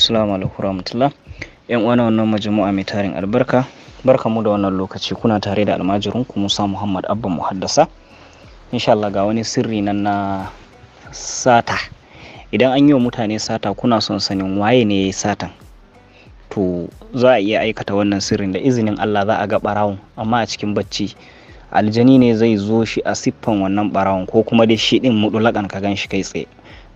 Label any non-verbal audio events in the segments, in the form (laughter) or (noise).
Assalamu alaikum warahmatullah. Yan uwana wannan majmu'a mai tarin albarka. Barka mu da wannan lokaci kuna tare da almajirin ku Musa Muhammad Abba Muhaddasa. Insha Allah ga wani sirri nan na sata. Idan an yi wa mutane sata kuna son sanin waye ne yayi satan. To za a iya aikata wannan sirrin da izinin Allah za a ga barawon amma a cikin bacci aljani ne zai zo shi a siffan wannan ɓarawon ko kuma dai shi din mudulakan ka gan shi kai tsaye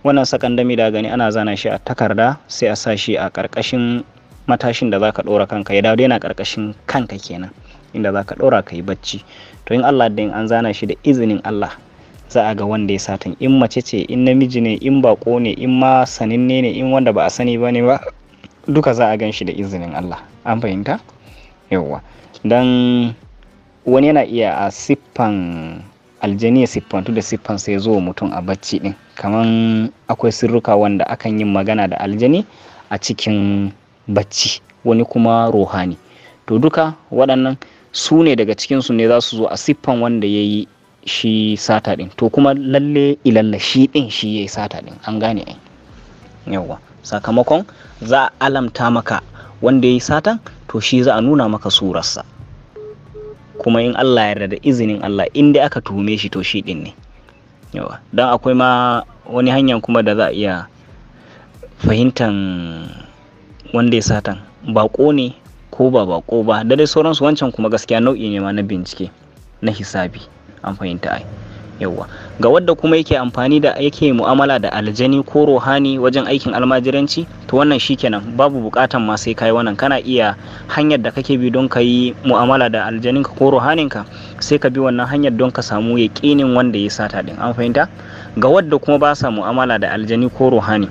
wannan sakan dami da gani ana zana shi a takarda sai a sa shi a ƙarƙashin matashin da zaka ɗora kanka ya dawo yana karkashin kanka kenan inda zaka ɗora ka yi bacci to in Allah da in an zana shi da izinin Allah za a ga wanda ya satan in mace ce in namiji ne in bako ne in ma saninne ne in wanda ba a sani ba ne ba duka za a gan shi da izinin Allah an fahimta yawwa dan wani yana iya a siffan aljani ya siffantu da siffansa ya zo wa mutum a bacci ɗin, kamar akwai sirruka wanda akan yin magana da aljani a cikin bacci wani kuma rohani to duka waɗannan su ne daga cikinsu ne za su zo a siffan wanda ya yi shi sata din to kuma lalle ilalla shi ɗin shi ya yi sata ɗin, an gane ai yawa sakamakon za a alamta maka wanda ya yi satan to shi za a nuna maka surarsa kuma in Allah yarda da izinin Allah in dai aka tuhume shi to shi din ne yawa dan akwai ma wani hanyar kuma da za a iya fahimtan wanda ya satan bako ne ko ba bako ba da dai sauransu wancan kuma gaskiya nau'i ne ma na bincike na hisabi an fahimta ai yauwa ga wadda kuma yake amfani da yake mu'amala da aljani ko ruhani wajen aikin almajiranci to wannan shi kenan babu bukatan ma sai kai wannan kana iya hanyar da kake bi don ka yi mu'amala da ka ko ruhaninka sai ka bi wannan hanyar don ka samu yaƙinin wanda ya sata din an fahimta ga wadda kuma ba sa mu'amala da aljani ko ruhani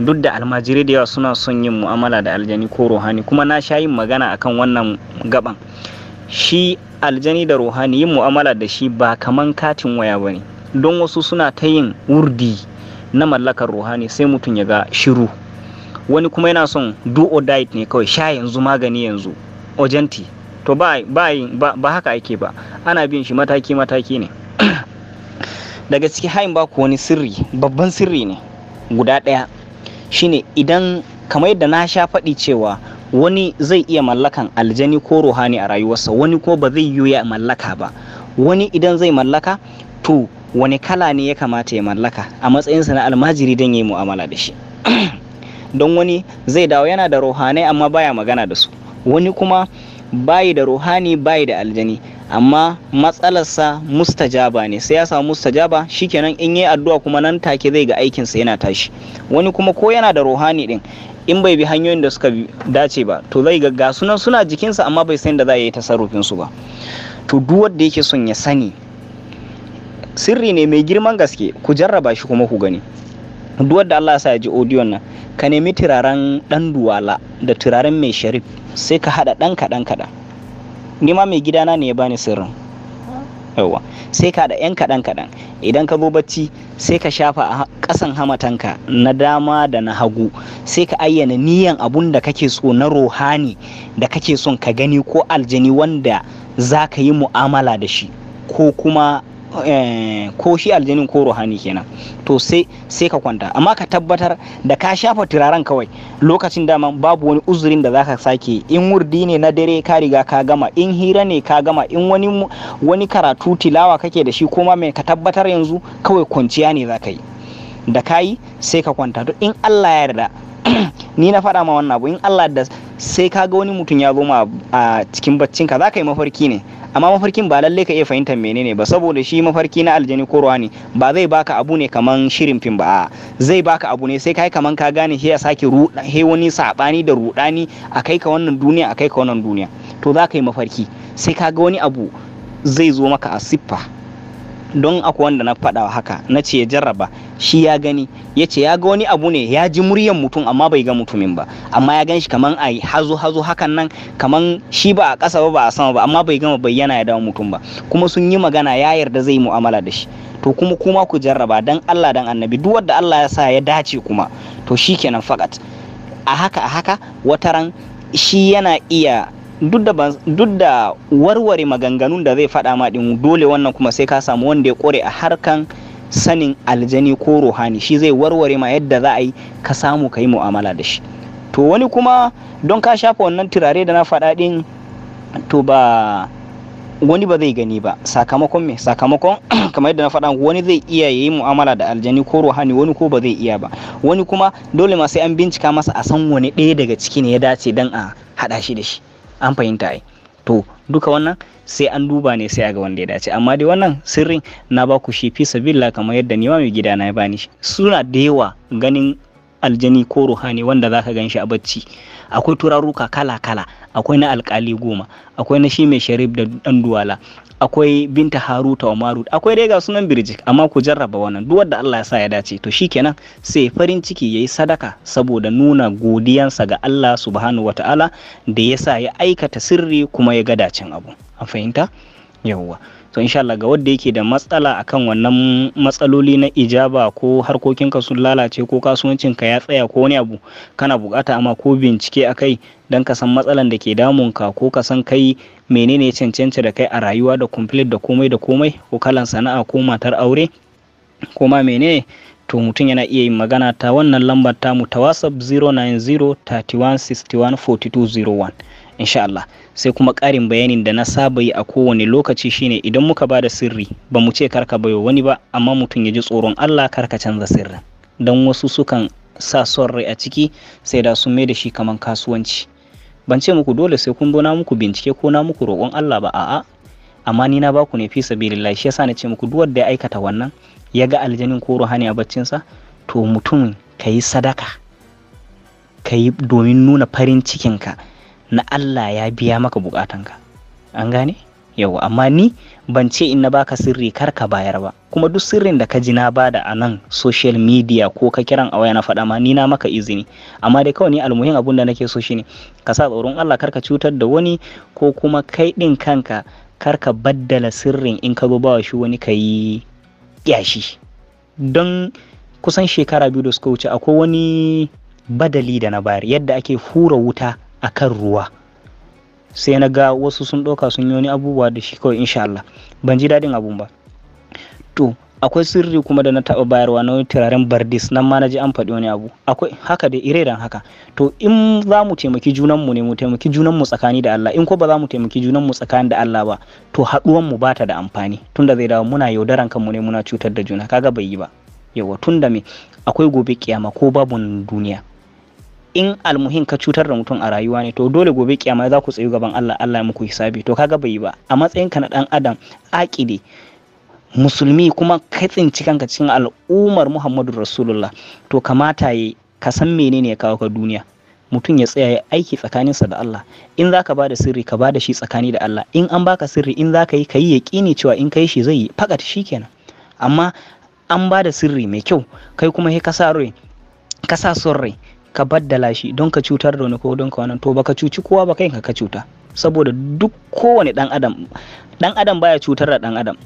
duk da almajiri da yawa suna son yin mu'amala da aljani ko ruhani kuma na sha yin magana akan wannan gaban shi aljani da ruhani yin mu'amala da shi ba kaman katin waya ba ne don wasu suna ta yin wurdi na mallakar ruhani sai mutum ya ga shiru wani kuma yana son do or diet ne kawai sha yanzu magani yanzu ojenti to ba, ba, ba, ba haka ake ba ana bin shi mataki mataki ne (clears throat) daga ciki hain ba ku wani sirri babban sirri ne guda ɗaya shine idan kamar yadda na sha faɗi cewa wani zai iya mallakan aljani ko ruhani a rayuwarsa wani ko ba zai yi mallaka ba wani idan zai mallaka to wani kala ne ya kamata ya mallaka a matsayinsa na almajiri don yi mu'amala da shi (clears throat) don wani zai dawo yana da ruhanai amma baya magana da su wani kuma bayi da ruhani bayi da aljani amma matsalarsa mustajaba ne sai ya samu mustajaba shikenan in yi addu'a kuma nan take zai ga aikinsa yana tashi wani kuma ko yana da ruhani din in bai bi hanyoyin da suka dace ba to zai ga sunan suna jikinsa amma bai san da za a yi tasarrufin su ba to duk wanda yake son ya sani sirri ne mai girman gaske ku jarraba shi kuma ku gani duk wanda Allah ya sa ya ji odiyon nan ka nemi turaren dan duwala da turaren mai sharif sai ka hada dan kadan kadan ni ma mai gidana ne ya bani sirrin yawa sai ka da yan kaɗan kaɗan idan ka zo bacci sai ka shafa a ƙasan hamatanka na dama da na hagu sai ka ayyana niyan abun da kake so na rohani da kake son ka gani ko aljani wanda za ka yi mu'amala da shi ko kuma Eh, ko shi aljinin ko ruhani kenan to sai sai ka kwanta amma ka tabbatar da ka shafa turaren kawai lokacin dama babu wani uzurin da zaka sake in wurdi ne na dare ka riga ka gama in hira ne ka gama in wani wani karatu tilawa kake da shi koma mai ka tabbatar yanzu kawai kwanciya ne zaka yi da yi sai ka kwanta to in Allah ya yarda (clears throat) ni na faɗa ma wannan abu in Allah da sai ka ga wani mutum ya zo ma a cikin baccin ka zaka yi mafarki ne amma mafarkin ba lalle ka iya fahimtar menene ba saboda shi mafarki na aljani ko ne, ba zai baka abu ne kaman shirin fim ba zai baka abu ne sai kai kaman ka gane shi ya sake ruɗa he wani sabani da ruɗani? A kai ka wannan duniya A kai ka wannan duniya to za ka yi mafarki sai ka ga wani abu zai zo maka a siffa don akwai wanda na faɗa haka na ce ya jarraba shi ya gani ya ce ya ga wani abu ne ya ji muryar mutum amma bai ga mutumin ba amma ya gan shi kaman a hazo hazo hakan nan kaman shi ba a ƙasa ba ba a sama ba amma bai gama bayyana ya dawo mutum ba kuma sun yi magana ya yarda zai mu'amala da shi to kuma kuma ku jarraba dan Allah dan annabi duk wanda Allah ya sa ya dace kuma to shikenan fakat a haka a haka wataran shi yana iya duk da warware maganganun da zai faɗa ma ɗin dole wannan kuma sai ka samu wanda ya kore a harkan sanin aljani ko ruhani shi zai warware ma yadda za a yi ka samu ka yi mu'amala da shi to wani kuma don ka shafa wannan turare da na faɗa din to ba wani ba zai gani ba sakamakon me sakamakon (clears throat) kamar yadda na faɗa wani zai iya yi mu'amala da aljani ko ruhani wani ko ba zai iya ba wani kuma dole ma sai an bincika masa a san wani ɗaya daga ciki ne ya dace dan a haɗa shi da shi an fahimta ai to duka wannan sai an duba ne sai a ga wanda ya dace amma dai wannan sirrin na ba ku shi fisa billa kamar yadda ni ma mai gida na ya bani shi suna da yawa ganin aljani ko ruhani wanda zaka gan shi a bacci akwai turaruka kala kala akwai na alkali goma akwai na shi mai sharif da dan duwala akwai binta haruta ta Umaru akwai dai ga sunan birjik amma ku jarraba wannan duk wanda Allah ya sa ya dace to shikenan sai farin ciki yayi sadaka saboda nuna godiyansa ga Allah subhanahu wataala da ya sa ya aikata sirri kuma ya ga dacin abu an fahimta yawwa to insha Allah ga wanda yake da matsala akan wannan matsaloli na ijaba ko harkokinka sun lalace ko kasuwancin ka ya tsaya ko wani abu kana bukata amma ko bincike akai dan ka san matsalan da ke damun ka ko ka san kai menene cancanta da kai a rayuwa da complete da komai da komai ko kalan sana'a ko matar aure ko ma menene to mutum yana iya yin magana ta wannan lambar tamu ta whatsapp 090 31 4201 insha Allah sai kuma ƙarin bayanin da na saba yi a kowane lokaci shine idan muka ba da sirri ba mu ce karka bayo wani ba amma mutum ya ji tsoron Allah karka canza sirrin don wasu sukan sa son rai a ciki sai da sun mai da shi kaman kasuwanci ban ce muku dole sai kun na muku bincike ko na muku roƙon Allah ba a'a amma ni na baku ne fi sabilillah shi yasa na ce muku duk wanda ya aikata wannan ya ga aljanin ko ruhani a sa to mutum kayi sadaka kayi domin nuna farin cikinka na Allah ya biya maka bukatanka an gane Yau amma ni ban ce in na baka sirri kar ka bayar ba kuma duk sirrin da ka ji na bada a nan social media ko ka kiran a waya na faɗa ma ni na maka izini amma dai kawai ni almuhim abun da nake so shine ka sa tsoron Allah kar ka cutar da wani ko kuma kai din kanka kar ka baddala sirrin in ka zo bawa shi wani ka yi yashi don kusan shekara biyu da suka wuce akwai wani badali da na bayar yadda ake hura wuta a kan ruwa sai na ga wasu sun ɗauka sun yi wani abubuwa da shi kawai insha Allah ban ji daɗin abun ba to akwai sirri kuma da na taɓa bayarwa na turaren bardis nan ma na ji an faɗi wani abu akwai haka da dan haka to in za mu taimaki junanmu ne mu taimaki junanmu tsakani da Allah in ko ba za mu taimaki junanmu tsakani da Allah ba to haɗuwan mu bata da amfani tunda zai dawo muna yaudaran kanmu ne muna cutar da juna kaga bai yi ba yawa tunda me akwai gobe kiyama ko babu duniya in almuhin ka cutar da mutum a rayuwa ne to dole gobe kiyama za ku tsayu gaban Allah Allah ya muku hisabi to kaga bai yi ba a matsayin ka na dan adam aƙide musulmi kuma kai tsinci kanka cikin al'ummar Muhammadu Rasulullah to kamata yi ka san menene ya kawo ka duniya mutum ya tsaya ya aiki tsakaninsa da Allah in zaka bada sirri ka ba shi tsakani da Allah in an baka sirri in zaka yi ka yi yaqini cewa in kai shi zai yi fakat kenan amma an bada sirri mai kyau kai kuma he ka sa rai ka sa son rai ka baddala shi don ka cutar da wani ko don ka wannan to baka cuci kowa ba kai ka cuta saboda duk kowane dan adam dan adam baya cutar da dan adam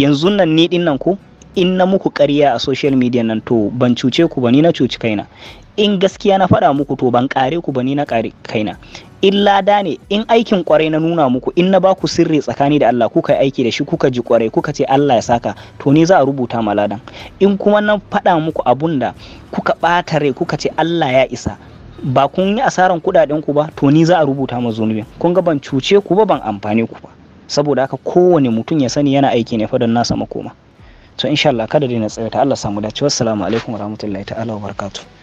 yanzu nan ni din nan ko in na muku ƙarya a social media nan to ban cuce ku ba ni na cuci kaina in gaskiya na faɗa muku to ban ƙare ku ba ni na ƙare kaina in lada ne in aikin kwarai na nuna muku in na baku sirri tsakani da Allah kuka aiki da shi kuka ji kwarai kuka ce Allah ya saka to ni za a rubuta ma ladan in kuma na faɗa muku abun da kuka ɓata rai kuka ce Allah ya isa ba kun yi asaran kuɗaɗen ku ba to ni za a rubuta ma zunubin kun ga ban cuce ku ba ban amfane ku ba saboda haka kowane mutum ya sani yana aiki ne fa don nasa makoma to insha Allah kada dai na tsaya ta Allah samu dace wassalamu alaikum warahmatullahi ta'ala wabarakatuh